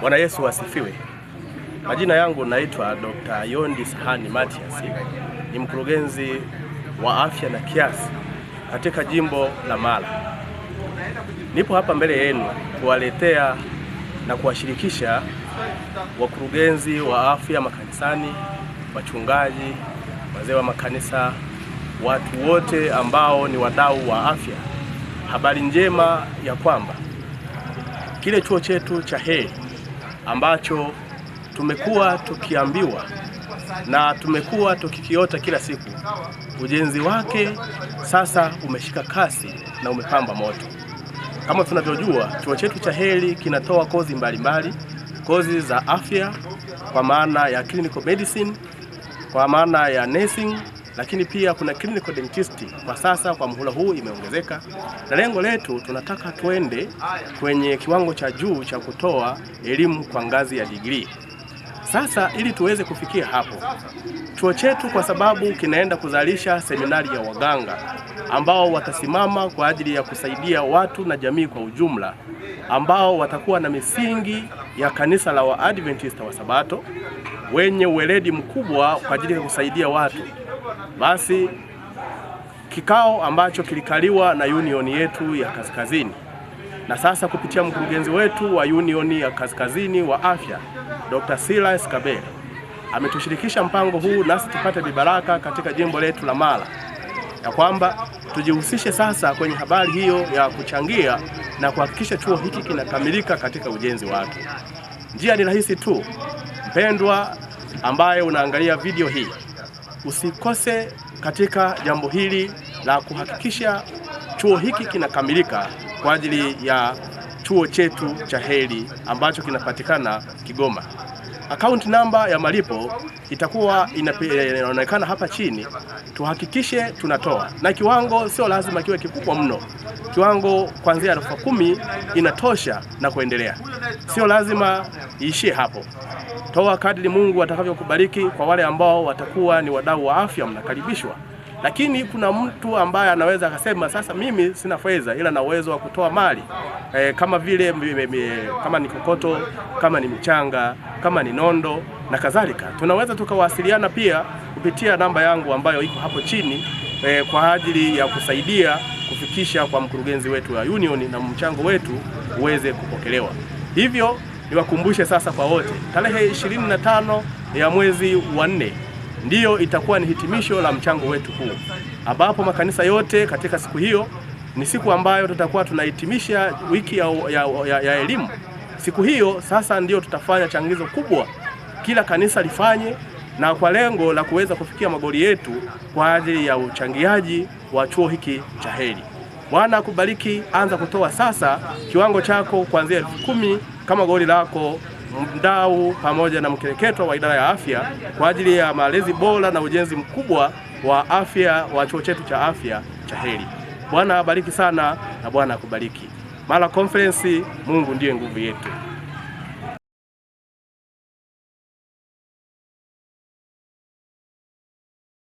Bwana Yesu asifiwe. Majina yangu naitwa Dr. Yondi Sahani Matias, ni mkurugenzi wa afya na kiasi katika jimbo la Mara. Nipo hapa mbele yenu kuwaletea na kuwashirikisha wakurugenzi wa afya makanisani, wachungaji, wazee wa makanisa, watu wote ambao ni wadau wa afya, habari njema ya kwamba kile chuo chetu cha Heri ambacho tumekuwa tukiambiwa na tumekuwa tukikiota kila siku. Ujenzi wake sasa umeshika kasi na umepamba moto. Kama tunavyojua, chuo chetu cha Heli kinatoa kozi mbalimbali mbali, kozi za afya kwa maana ya clinical medicine, kwa maana ya nursing lakini pia kuna clinical dentist kwa sasa kwa mhula huu imeongezeka, na lengo letu tunataka tuende kwenye kiwango cha juu cha kutoa elimu kwa ngazi ya digrii. Sasa ili tuweze kufikia hapo, chuo chetu kwa sababu kinaenda kuzalisha seminari ya waganga ambao watasimama kwa ajili ya kusaidia watu na jamii kwa ujumla, ambao watakuwa na misingi ya kanisa la Waadventista wa Sabato wenye uweledi mkubwa kwa ajili ya kusaidia watu. Basi kikao ambacho kilikaliwa na union yetu ya Kaskazini na sasa kupitia mkurugenzi wetu wa union ya Kaskazini wa afya Dr. Silas kabele ametushirikisha mpango huu nasi tupate vibaraka katika jimbo letu la Mara, ya kwamba tujihusishe sasa kwenye habari hiyo ya kuchangia na kuhakikisha chuo hiki kinakamilika katika ujenzi wake. Njia ni rahisi tu, mpendwa ambaye unaangalia video hii, usikose katika jambo hili la kuhakikisha chuo hiki kinakamilika kwa ajili ya chuo chetu cha Heri ambacho kinapatikana Kigoma. Akaunti namba ya malipo itakuwa inaonekana hapa chini. Tuhakikishe tunatoa na kiwango, sio lazima kiwe kikubwa mno. Kiwango kuanzia elfu kumi inatosha na kuendelea, sio lazima iishie hapo. Toa kadri Mungu atakavyokubariki. Kwa wale ambao watakuwa ni wadau wa afya, mnakaribishwa. Lakini kuna mtu ambaye anaweza akasema, sasa mimi sina fedha, ila na uwezo wa kutoa mali e, kama vile mime, mime, kama ni kokoto, kama ni michanga, kama ni nondo na kadhalika. Tunaweza tukawasiliana pia kupitia namba yangu ambayo iko hapo chini e, kwa ajili ya kusaidia kufikisha kwa mkurugenzi wetu wa Union na mchango wetu uweze kupokelewa hivyo niwakumbushe sasa kwa wote, tarehe 25 ya mwezi wa nne ndiyo itakuwa ni hitimisho la mchango wetu huu, ambapo makanisa yote katika siku hiyo ni siku ambayo tutakuwa tunahitimisha wiki ya, ya, ya, ya elimu. Siku hiyo sasa ndiyo tutafanya changizo kubwa kila kanisa lifanye na kwa lengo la kuweza kufikia magoli yetu kwa ajili ya uchangiaji wa chuo hiki cha Heri. Bwana akubariki. Anza kutoa sasa kiwango chako kuanzia elfu kumi kama goli lako mdau pamoja na mkereketwa wa idara ya afya kwa ajili ya malezi bora na ujenzi mkubwa wa afya wa chuo chetu cha afya cha Heri. Bwana abariki sana na Bwana akubariki. Mara Conference, Mungu ndiye nguvu yetu.